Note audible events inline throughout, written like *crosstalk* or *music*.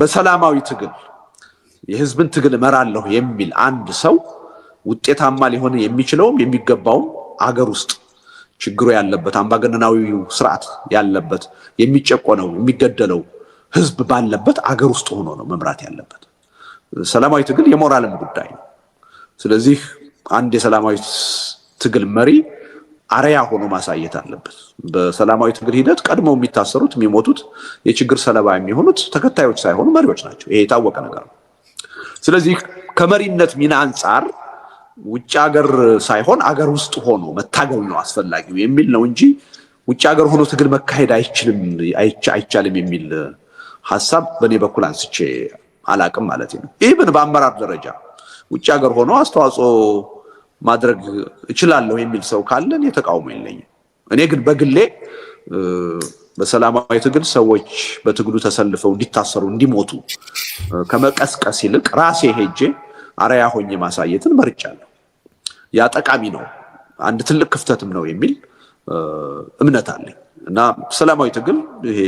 በሰላማዊ ትግል የህዝብን ትግል እመራለሁ የሚል አንድ ሰው ውጤታማ ሊሆን የሚችለውም የሚገባውም አገር ውስጥ ችግሩ ያለበት አምባገነናዊው ስርዓት ያለበት የሚጨቆነው የሚገደለው ህዝብ ባለበት አገር ውስጥ ሆኖ ነው መምራት ያለበት። ሰላማዊ ትግል የሞራልም ጉዳይ ነው። ስለዚህ አንድ የሰላማዊ ትግል መሪ አርያ ሆኖ ማሳየት አለበት። በሰላማዊ ትግል ሂደት ቀድሞ የሚታሰሩት የሚሞቱት፣ የችግር ሰለባ የሚሆኑት ተከታዮች ሳይሆኑ መሪዎች ናቸው። ይሄ የታወቀ ነገር ነው። ስለዚህ ከመሪነት ሚና አንጻር ውጭ ሀገር ሳይሆን አገር ውስጥ ሆኖ መታገል ነው አስፈላጊው የሚል ነው እንጂ ውጭ ሀገር ሆኖ ትግል መካሄድ አይችልም አይቻልም የሚል ሀሳብ በእኔ በኩል አንስቼ አላቅም ማለት ነው። ብን በአመራር ደረጃ ውጭ ሀገር ሆኖ አስተዋጽኦ ማድረግ እችላለሁ የሚል ሰው ካለ እኔ ተቃውሞ የለኝም። እኔ ግን በግሌ በሰላማዊ ትግል ሰዎች በትግሉ ተሰልፈው እንዲታሰሩ እንዲሞቱ ከመቀስቀስ ይልቅ ራሴ ሄጄ አርአያ ሆኜ ማሳየትን መርጫለሁ። ያ ጠቃሚ ነው፣ አንድ ትልቅ ክፍተትም ነው የሚል እምነት አለኝ እና ሰላማዊ ትግል ይሄ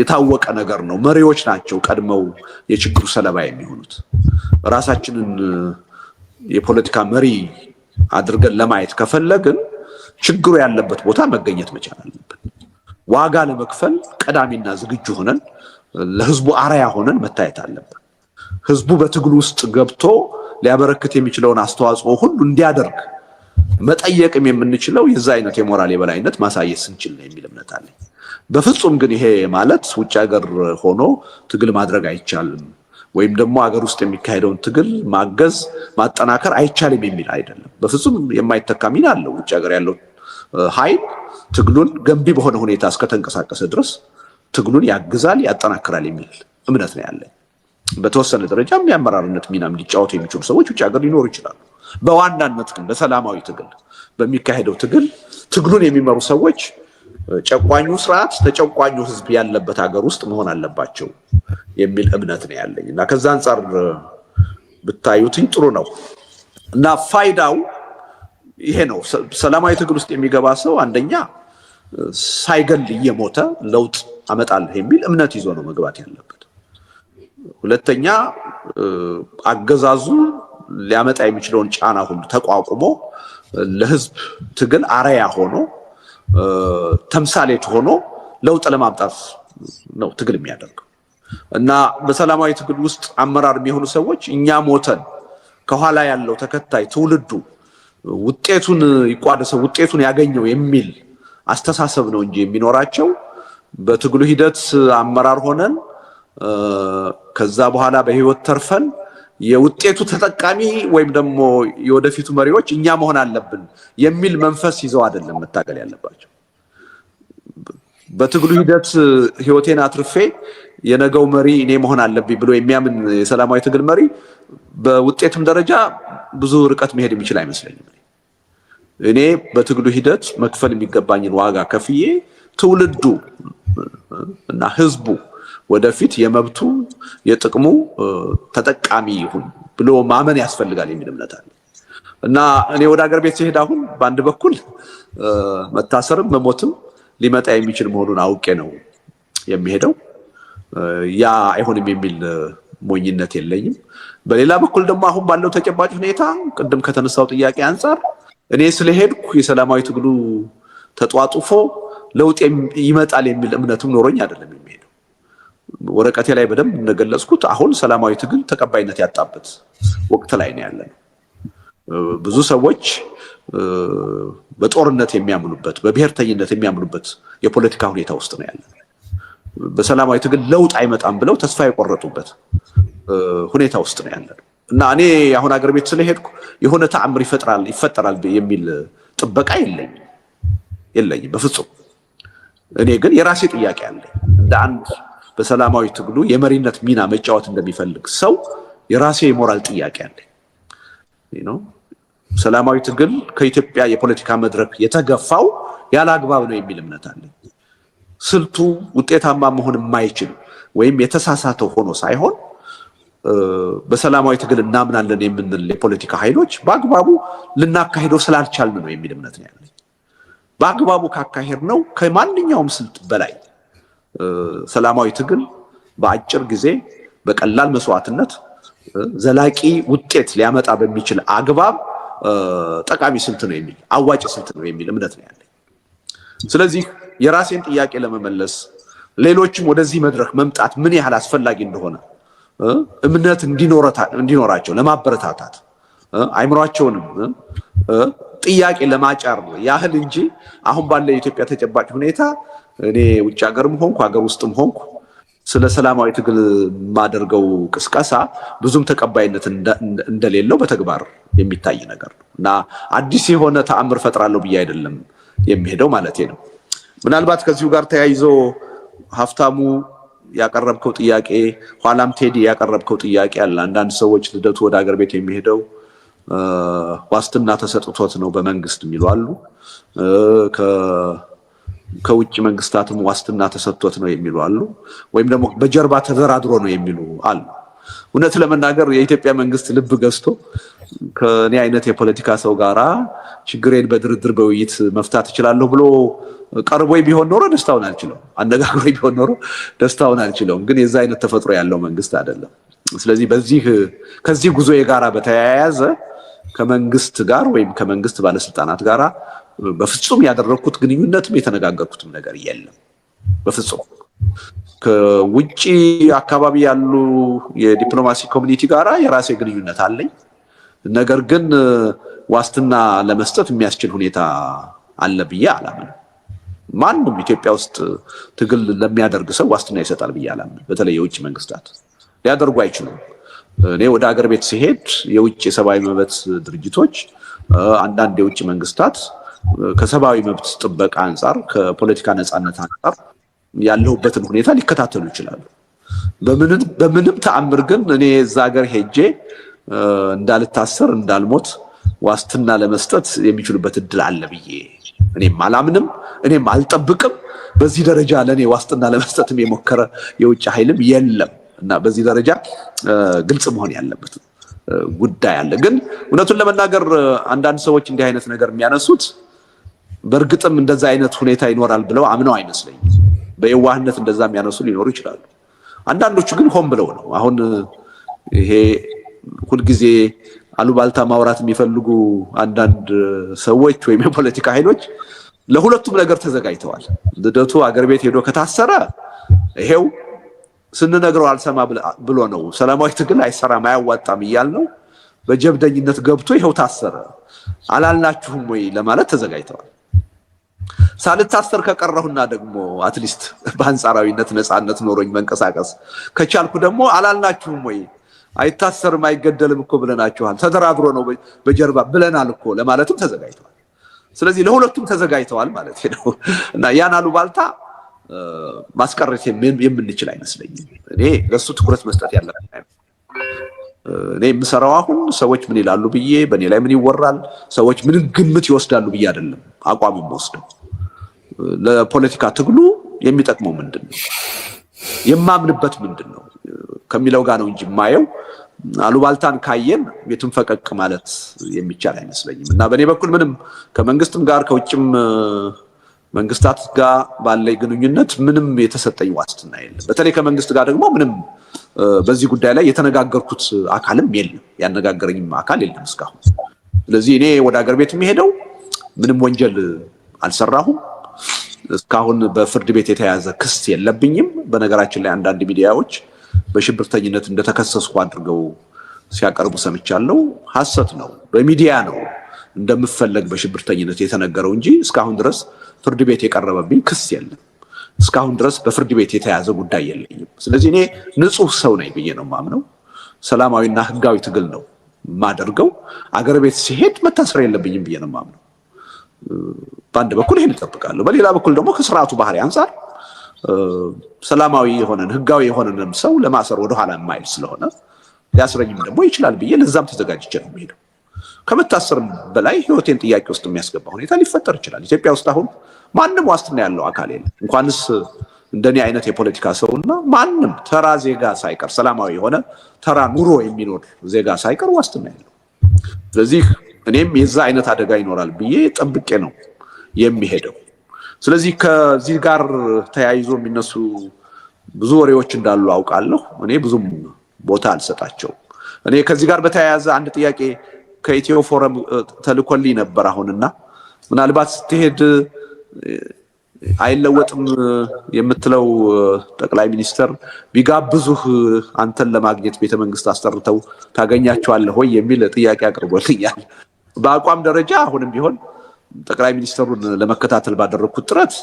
የታወቀ ነገር ነው። መሪዎች ናቸው ቀድመው የችግሩ ሰለባ የሚሆኑት ራሳችንን የፖለቲካ መሪ አድርገን ለማየት ከፈለግን ችግሩ ያለበት ቦታ መገኘት መቻል አለብን። ዋጋ ለመክፈል ቀዳሚና ዝግጁ ሆነን ለህዝቡ አርያ ሆነን መታየት አለብን። ህዝቡ በትግል ውስጥ ገብቶ ሊያበረክት የሚችለውን አስተዋጽኦ ሁሉ እንዲያደርግ መጠየቅም የምንችለው የዛ አይነት የሞራል የበላይነት ማሳየት ስንችል ነው የሚል እምነት አለኝ። በፍጹም ግን ይሄ ማለት ውጭ ሀገር ሆኖ ትግል ማድረግ አይቻልም ወይም ደግሞ ሀገር ውስጥ የሚካሄደውን ትግል ማገዝ ማጠናከር አይቻልም የሚል አይደለም። በፍጹም የማይተካ ሚና አለው። ውጭ ሀገር ያለው ኃይል ትግሉን ገንቢ በሆነ ሁኔታ እስከተንቀሳቀሰ ድረስ ትግሉን ያግዛል፣ ያጠናክራል የሚል እምነት ነው ያለኝ። በተወሰነ ደረጃም የአመራርነት ሚናም ሊጫወቱ የሚችሉ ሰዎች ውጭ ሀገር ሊኖሩ ይችላሉ። በዋናነት ግን በሰላማዊ ትግል በሚካሄደው ትግል ትግሉን የሚመሩ ሰዎች ጨቋኙ ስርዓት ተጨቋኙ ህዝብ ያለበት ሀገር ውስጥ መሆን አለባቸው የሚል እምነት ነው ያለኝ እና ከዛ አንጻር ብታዩትኝ ጥሩ ነው እና ፋይዳው ይሄ ነው። ሰላማዊ ትግል ውስጥ የሚገባ ሰው አንደኛ ሳይገል እየሞተ ለውጥ አመጣለህ የሚል እምነት ይዞ ነው መግባት ያለበት። ሁለተኛ አገዛዙ ሊያመጣ የሚችለውን ጫና ሁሉ ተቋቁሞ ለህዝብ ትግል አረያ ሆኖ ተምሳሌት ሆኖ ለውጥ ለማምጣት ነው ትግል የሚያደርገው እና በሰላማዊ ትግል ውስጥ አመራር የሚሆኑ ሰዎች እኛ ሞተን ከኋላ ያለው ተከታይ ትውልዱ ውጤቱን ይቋደሰው ውጤቱን ያገኘው የሚል አስተሳሰብ ነው እንጂ የሚኖራቸው በትግሉ ሂደት አመራር ሆነን ከዛ በኋላ በህይወት ተርፈን የውጤቱ ተጠቃሚ ወይም ደግሞ የወደፊቱ መሪዎች እኛ መሆን አለብን የሚል መንፈስ ይዘው አይደለም መታገል ያለባቸው። በትግሉ ሂደት ህይወቴን አትርፌ የነገው መሪ እኔ መሆን አለብኝ ብሎ የሚያምን የሰላማዊ ትግል መሪ በውጤትም ደረጃ ብዙ ርቀት መሄድ የሚችል አይመስለኝም። እኔ በትግሉ ሂደት መክፈል የሚገባኝን ዋጋ ከፍዬ ትውልዱ እና ህዝቡ ወደፊት የመብቱ የጥቅሙ ተጠቃሚ ይሁን ብሎ ማመን ያስፈልጋል የሚል እምነት አለ እና እኔ ወደ ሀገር ቤት ሲሄድ አሁን በአንድ በኩል መታሰርም መሞትም ሊመጣ የሚችል መሆኑን አውቄ ነው የሚሄደው። ያ አይሆንም የሚል ሞኝነት የለኝም። በሌላ በኩል ደግሞ አሁን ባለው ተጨባጭ ሁኔታ ቅድም ከተነሳው ጥያቄ አንጻር እኔ ስለሄድኩ የሰላማዊ ትግሉ ተጧጡፎ ለውጥ ይመጣል የሚል እምነትም ኖሮኝ አይደለም የሚሄድ ወረቀቴ ላይ በደንብ እንደገለጽኩት አሁን ሰላማዊ ትግል ተቀባይነት ያጣበት ወቅት ላይ ነው ያለነው። ብዙ ሰዎች በጦርነት የሚያምኑበት በብሔርተኝነት የሚያምኑበት የፖለቲካ ሁኔታ ውስጥ ነው ያለ። በሰላማዊ ትግል ለውጥ አይመጣም ብለው ተስፋ የቆረጡበት ሁኔታ ውስጥ ነው ያለ እና እኔ አሁን አገር ቤት ስለሄድኩ የሆነ ተአምር ይፈጥራል ይፈጠራል የሚል ጥበቃ የለኝም የለኝም በፍጹም። እኔ ግን የራሴ ጥያቄ አለኝ እንደ አንድ በሰላማዊ ትግሉ የመሪነት ሚና መጫወት እንደሚፈልግ ሰው የራሴ የሞራል ጥያቄ አለ ሰላማዊ ትግል ከኢትዮጵያ የፖለቲካ መድረክ የተገፋው ያለ አግባብ ነው የሚል እምነት አለ። ስልቱ ውጤታማ መሆን የማይችል ወይም የተሳሳተ ሆኖ ሳይሆን በሰላማዊ ትግል እናምናለን የምንል የፖለቲካ ኃይሎች በአግባቡ ልናካሄደው ስላልቻልን ነው የሚል እምነት ነው ያለኝ። በአግባቡ ካካሄድ ነው ከማንኛውም ስልት በላይ ሰላማዊ ትግል በአጭር ጊዜ በቀላል መስዋዕትነት ዘላቂ ውጤት ሊያመጣ በሚችል አግባብ ጠቃሚ ስልት ነው የሚል አዋጭ ስልት ነው የሚል እምነት ነው ያለኝ። ስለዚህ የራሴን ጥያቄ ለመመለስ ሌሎችም ወደዚህ መድረክ መምጣት ምን ያህል አስፈላጊ እንደሆነ እምነት እንዲኖራቸው ለማበረታታት አይምሯቸውንም ጥያቄ ለማጫር ያህል እንጂ አሁን ባለ የኢትዮጵያ ተጨባጭ ሁኔታ እኔ ውጭ ሀገርም ሆንኩ ሀገር ውስጥም ሆንኩ ስለ ሰላማዊ ትግል የማደርገው ቅስቀሳ ብዙም ተቀባይነት እንደሌለው በተግባር የሚታይ ነገር ነው እና አዲስ የሆነ ተአምር ፈጥራለሁ ብዬ አይደለም የሚሄደው ማለት ነው። ምናልባት ከዚሁ ጋር ተያይዞ ሀብታሙ ያቀረብከው ጥያቄ፣ ኋላም ቴዲ ያቀረብከው ጥያቄ አለ። አንዳንድ ሰዎች ልደቱ ወደ ሀገር ቤት የሚሄደው ዋስትና ተሰጥቶት ነው በመንግስት የሚሉ አሉ። ከውጭ መንግስታትም ዋስትና ተሰጥቶት ነው የሚሉ አሉ። ወይም ደግሞ በጀርባ ተደራድሮ ነው የሚሉ አሉ። እውነት ለመናገር የኢትዮጵያ መንግስት ልብ ገዝቶ ከእኔ አይነት የፖለቲካ ሰው ጋራ ችግሬን በድርድር በውይይት መፍታት እችላለሁ ብሎ ቀርቦ ቢሆን ኖሮ ደስታውን አልችለው፣ አነጋግሮ ቢሆን ኖሮ ደስታውን አልችለውም። ግን የዛ አይነት ተፈጥሮ ያለው መንግስት አይደለም። ስለዚህ በዚህ ከዚህ ጉዞ ጋራ በተያያዘ ከመንግስት ጋር ወይም ከመንግስት ባለስልጣናት ጋራ በፍጹም ያደረግኩት ግንኙነትም የተነጋገርኩትም ነገር የለም። በፍጹም ከውጭ አካባቢ ያሉ የዲፕሎማሲ ኮሚኒቲ ጋራ የራሴ ግንኙነት አለኝ። ነገር ግን ዋስትና ለመስጠት የሚያስችል ሁኔታ አለ ብዬ አላምን። ማንም ኢትዮጵያ ውስጥ ትግል ለሚያደርግ ሰው ዋስትና ይሰጣል ብዬ አላምን። በተለይ የውጭ መንግስታት ሊያደርጉ አይችሉም። እኔ ወደ ሀገር ቤት ሲሄድ የውጭ የሰብአዊ መብት ድርጅቶች፣ አንዳንድ የውጭ መንግስታት ከሰብአዊ መብት ጥበቃ አንጻር ከፖለቲካ ነፃነት አንጻር ያለሁበትን ሁኔታ ሊከታተሉ ይችላሉ። በምንም ተአምር ግን እኔ እዛ ሀገር ሄጄ እንዳልታሰር እንዳልሞት ዋስትና ለመስጠት የሚችሉበት እድል አለ ብዬ እኔም አላምንም፣ እኔም አልጠብቅም። በዚህ ደረጃ ለእኔ ዋስትና ለመስጠትም የሞከረ የውጭ ኃይልም የለም እና በዚህ ደረጃ ግልጽ መሆን ያለበት ጉዳይ አለ። ግን እውነቱን ለመናገር አንዳንድ ሰዎች እንዲህ አይነት ነገር የሚያነሱት በእርግጥም እንደዛ አይነት ሁኔታ ይኖራል ብለው አምነው አይመስለኝም። በየዋህነት እንደዛ የሚያነሱ ሊኖሩ ይችላሉ። አንዳንዶቹ ግን ሆን ብለው ነው። አሁን ይሄ ሁልጊዜ አሉባልታ ማውራት የሚፈልጉ አንዳንድ ሰዎች ወይም የፖለቲካ ኃይሎች ለሁለቱም ነገር ተዘጋጅተዋል። ልደቱ አገር ቤት ሄዶ ከታሰረ ይሄው ስንነግረው አልሰማ ብሎ ነው ሰላማዊ ትግል አይሰራም አያዋጣም እያል ነው። በጀብደኝነት ገብቶ ይኸው ታሰረ አላልናችሁም ወይ ለማለት ተዘጋጅተዋል። ሳልታሰር ከቀረሁና ደግሞ አትሊስት በአንጻራዊነት ነፃነት ኖሮኝ መንቀሳቀስ ከቻልኩ ደግሞ አላልናችሁም ወይ አይታሰርም አይገደልም እኮ ብለናችኋል፣ ተደራድሮ ነው በጀርባ ብለናል እኮ ለማለትም ተዘጋጅተዋል። ስለዚህ ለሁለቱም ተዘጋጅተዋል ማለት ነው እና ያን አሉባልታ ማስቀረት የምንችል አይመስለኝም። እኔ ለሱ ትኩረት መስጠት ያለብን እኔ የምሰራው አሁን ሰዎች ምን ይላሉ ብዬ በእኔ ላይ ምን ይወራል፣ ሰዎች ምን ግምት ይወስዳሉ ብዬ አይደለም አቋም የምወስደው። ለፖለቲካ ትግሉ የሚጠቅመው ምንድን ነው፣ የማምንበት ምንድን ነው ከሚለው ጋር ነው እንጂ የማየው። አሉባልታን ካየን ቤቱን ፈቀቅ ማለት የሚቻል አይመስለኝም። እና በእኔ በኩል ምንም ከመንግስትም ጋር ከውጭም መንግስታት ጋር ባለኝ ግንኙነት ምንም የተሰጠኝ ዋስትና የለም። በተለይ ከመንግስት ጋር ደግሞ ምንም በዚህ ጉዳይ ላይ የተነጋገርኩት አካልም የለም፣ ያነጋገረኝም አካል የለም እስካሁን። ስለዚህ እኔ ወደ ሀገር ቤት የሚሄደው ምንም ወንጀል አልሰራሁም። እስካሁን በፍርድ ቤት የተያዘ ክስ የለብኝም። በነገራችን ላይ አንዳንድ ሚዲያዎች በሽብርተኝነት እንደተከሰስኩ አድርገው ሲያቀርቡ ሰምቻለሁ። ሐሰት ነው። በሚዲያ ነው እንደምፈለግ በሽብርተኝነት የተነገረው እንጂ እስካሁን ድረስ ፍርድ ቤት የቀረበብኝ ክስ የለም። እስካሁን ድረስ በፍርድ ቤት የተያዘ ጉዳይ የለኝም። ስለዚህ እኔ ንጹህ ሰው ነኝ ብዬ ነው ማምነው። ሰላማዊና ህጋዊ ትግል ነው ማደርገው። አገር ቤት ሲሄድ መታሰር የለብኝም ብዬ ነው ማምነው። በአንድ በኩል ይሄን እጠብቃለሁ፣ በሌላ በኩል ደግሞ ከስርዓቱ ባህሪ አንጻር ሰላማዊ የሆነን ህጋዊ የሆነንም ሰው ለማሰር ወደኋላ የማይል ስለሆነ ሊያስረኝም ደግሞ ይችላል ብዬ ለዛም ተዘጋጅቼ ነው የሚሄደው። ከመታሰርም በላይ ህይወቴን ጥያቄ ውስጥ የሚያስገባ ሁኔታ ሊፈጠር ይችላል። ኢትዮጵያ ውስጥ አሁን ማንም ዋስትና ያለው አካል የለም። እንኳንስ እንደኔ አይነት የፖለቲካ ሰውና ማንም ተራ ዜጋ ሳይቀር ሰላማዊ የሆነ ተራ ኑሮ የሚኖር ዜጋ ሳይቀር ዋስትና ያለው። ስለዚህ እኔም የዛ አይነት አደጋ ይኖራል ብዬ ጠብቄ ነው የሚሄደው። ስለዚህ ከዚህ ጋር ተያይዞ የሚነሱ ብዙ ወሬዎች እንዳሉ አውቃለሁ። እኔ ብዙም ቦታ አልሰጣቸው። እኔ ከዚህ ጋር በተያያዘ አንድ ጥያቄ ከኢትዮ ፎረም ተልኮልኝ ነበር አሁንና ምናልባት ስትሄድ አይለወጥም የምትለው ጠቅላይ ሚኒስትር ቢጋብዙህ አንተን ለማግኘት ቤተ መንግስት አስጠርተው ታገኛቸዋለህ ወይ የሚል ጥያቄ አቅርቦልኛል። በአቋም ደረጃ አሁንም ቢሆን ጠቅላይ ሚኒስትሩን ለመከታተል ባደረግኩት ጥረት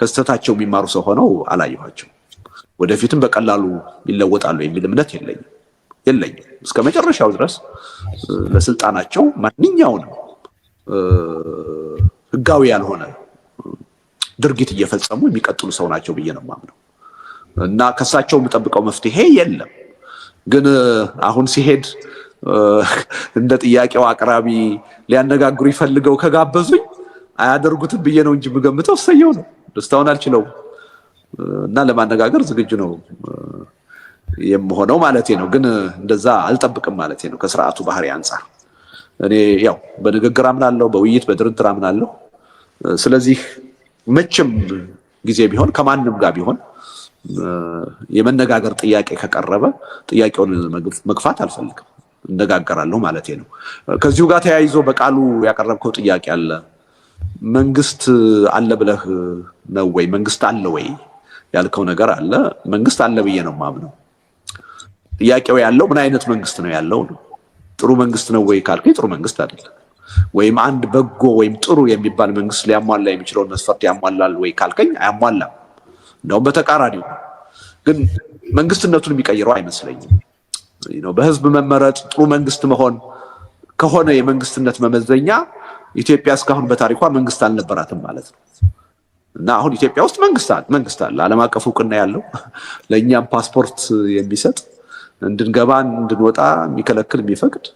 ከስህተታቸው የሚማሩ ሰው ሆነው አላየኋቸው። ወደፊትም በቀላሉ ይለወጣሉ የሚል እምነት የለኝም የለኝም። እስከ መጨረሻው ድረስ ለስልጣናቸው ማንኛውንም ህጋዊ ያልሆነ ድርጊት እየፈጸሙ የሚቀጥሉ ሰው ናቸው ብዬ ነው ማምነው እና ከሳቸው የምጠብቀው መፍትሄ የለም። ግን አሁን ሲሄድ እንደ ጥያቄው አቅራቢ ሊያነጋግሩ ይፈልገው ከጋበዙኝ አያደርጉትም ብዬ ነው እንጂ የምገምተው እሰየው ነው። ደስታውን አልችለውም እና ለማነጋገር ዝግጁ ነው የምሆነው ማለት ነው። ግን እንደዛ አልጠብቅም ማለት ነው። ከስርዓቱ ባህሪ አንጻር እኔ ያው በንግግር አምናለሁ፣ በውይይት በድርድር አምናለሁ። ስለዚህ መቼም ጊዜ ቢሆን ከማንም ጋር ቢሆን የመነጋገር ጥያቄ ከቀረበ ጥያቄውን መግፋት አልፈልግም፣ እነጋገራለሁ ማለት ነው። ከዚሁ ጋር ተያይዞ በቃሉ ያቀረብከው ጥያቄ አለ። መንግስት አለ ብለህ ነው ወይ መንግስት አለ ወይ ያልከው ነገር አለ። መንግስት አለ ብዬ ነው ማምነው። ጥያቄው ያለው ምን አይነት መንግስት ነው ያለው ነው። ጥሩ መንግስት ነው ወይ ካልከኝ ጥሩ መንግስት አይደለም። ወይም አንድ በጎ ወይም ጥሩ የሚባል መንግስት ሊያሟላ የሚችለውን መስፈርት ያሟላል ወይ ካልከኝ አያሟላም። እንደውም በተቃራኒው ግን መንግስትነቱን የሚቀይረው አይመስለኝም። በህዝብ መመረጥ ጥሩ መንግስት መሆን ከሆነ የመንግስትነት መመዘኛ ኢትዮጵያ እስካሁን በታሪኳ መንግስት አልነበራትም ማለት ነው እና አሁን ኢትዮጵያ ውስጥ መንግስት አለ መንግስት አለ ዓለም አቀፍ እውቅና ያለው *laughs* ለእኛም ፓስፖርት የሚሰጥ እንድንገባ እንድንወጣ የሚከለክል የሚፈቅድ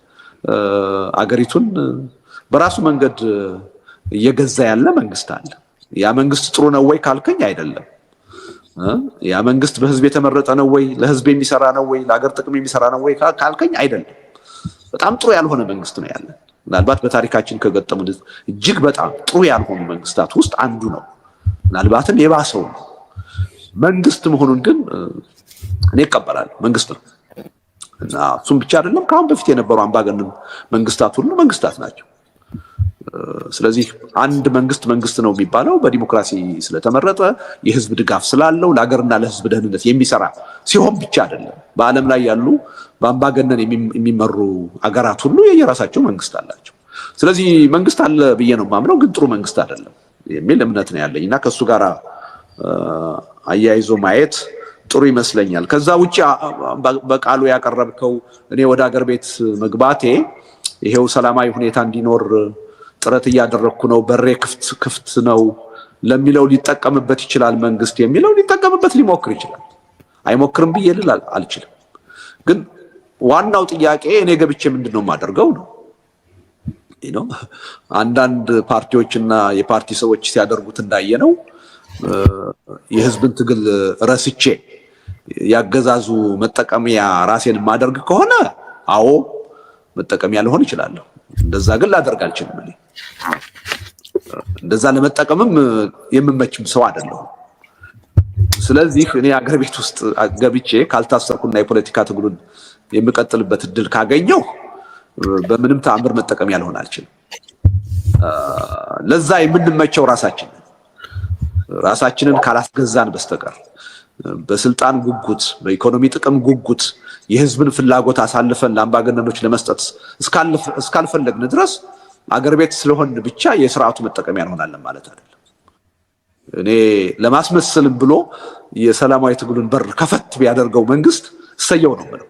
አገሪቱን በራሱ መንገድ እየገዛ ያለ መንግስት አለ። ያ መንግስት ጥሩ ነው ወይ ካልከኝ አይደለም። ያ መንግስት በህዝብ የተመረጠ ነው ወይ ለህዝብ የሚሰራ ነው ወይ ለሀገር ጥቅም የሚሰራ ነው ወይ ካልከኝ አይደለም። በጣም ጥሩ ያልሆነ መንግስት ነው ያለ። ምናልባት በታሪካችን ከገጠሙ እጅግ በጣም ጥሩ ያልሆኑ መንግስታት ውስጥ አንዱ ነው። ምናልባትም የባሰው ነው። መንግስት መሆኑን ግን እኔ ይቀበላል መንግስት ነው እና እሱም ብቻ አይደለም። ከአሁን በፊት የነበሩ አምባገነን መንግስታት ሁሉ መንግስታት ናቸው። ስለዚህ አንድ መንግስት መንግስት ነው የሚባለው በዲሞክራሲ ስለተመረጠ የህዝብ ድጋፍ ስላለው ለሀገርና ለህዝብ ደህንነት የሚሰራ ሲሆን ብቻ አይደለም። በዓለም ላይ ያሉ በአምባገነን የሚመሩ አገራት ሁሉ የየራሳቸው መንግስት አላቸው። ስለዚህ መንግስት አለ ብዬ ነው የማምነው፣ ግን ጥሩ መንግስት አይደለም የሚል እምነት ነው ያለኝ እና ከእሱ ጋር አያይዞ ማየት ጥሩ ይመስለኛል። ከዛ ውጭ በቃሉ ያቀረብከው እኔ ወደ ሀገር ቤት መግባቴ ይሄው ሰላማዊ ሁኔታ እንዲኖር ጥረት እያደረግኩ ነው፣ በሬ ክፍት ክፍት ነው ለሚለው ሊጠቀምበት ይችላል። መንግስት የሚለው ሊጠቀምበት ሊሞክር ይችላል። አይሞክርም ብዬ ልል አልችልም። ግን ዋናው ጥያቄ እኔ ገብቼ ምንድን ነው የማደርገው ነው። አንዳንድ ፓርቲዎችና የፓርቲ ሰዎች ሲያደርጉት እንዳየ ነው የህዝብን ትግል ረስቼ ያገዛዙ መጠቀሚያ ራሴን ማደርግ ከሆነ አዎ መጠቀሚያ ልሆን እችላለሁ። እንደዛ ግን ላደርግ አልችልም እኔ። እንደዛ ለመጠቀምም የምመችም ሰው አይደለሁም። ስለዚህ እኔ አገር ቤት ውስጥ ገብቼ ካልታሰርኩና የፖለቲካ ትግሉን የሚቀጥልበት እድል ካገኘው በምንም ተአምር መጠቀም ያልሆን አልችልም። ለዛ የምንመቸው ራሳችንን ራሳችንን ካላስገዛን በስተቀር በስልጣን ጉጉት፣ በኢኮኖሚ ጥቅም ጉጉት የህዝብን ፍላጎት አሳልፈን ለአምባገነኖች ለመስጠት እስካልፈለግን ድረስ አገር ቤት ስለሆን ብቻ የስርዓቱ መጠቀሚያ እንሆናለን ማለት አይደለም። እኔ ለማስመሰልም ብሎ የሰላማዊ ትግሉን በር ከፈት ቢያደርገው መንግስት እሰየው ነው የምለው።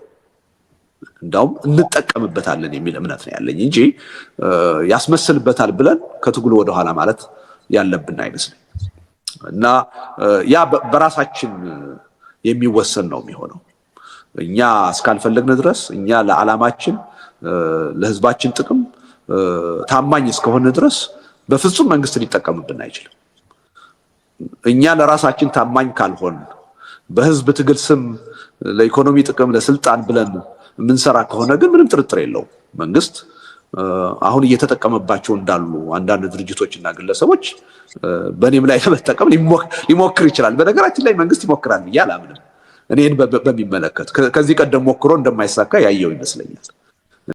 እንዳውም እንጠቀምበታለን የሚል እምነት ነው ያለኝ እንጂ ያስመስልበታል ብለን ከትግሉ ወደኋላ ማለት ያለብን አይመስለኝ እና ያ በራሳችን የሚወሰን ነው የሚሆነው። እኛ እስካልፈለግን ድረስ እኛ ለዓላማችን ለህዝባችን ጥቅም ታማኝ እስከሆነ ድረስ በፍጹም መንግስት ሊጠቀምብን አይችልም። እኛ ለራሳችን ታማኝ ካልሆን በህዝብ ትግል ስም ለኢኮኖሚ ጥቅም፣ ለስልጣን ብለን የምንሰራ ከሆነ ግን ምንም ጥርጥር የለው መንግስት አሁን እየተጠቀመባቸው እንዳሉ አንዳንድ ድርጅቶች እና ግለሰቦች በእኔም ላይ ለመጠቀም ሊሞክር ይችላል። በነገራችን ላይ መንግስት ይሞክራል ብዬ አላምንም። እኔን በሚመለከት ከዚህ ቀደም ሞክሮ እንደማይሳካ ያየው ይመስለኛል።